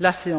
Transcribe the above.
la séance est ouverte.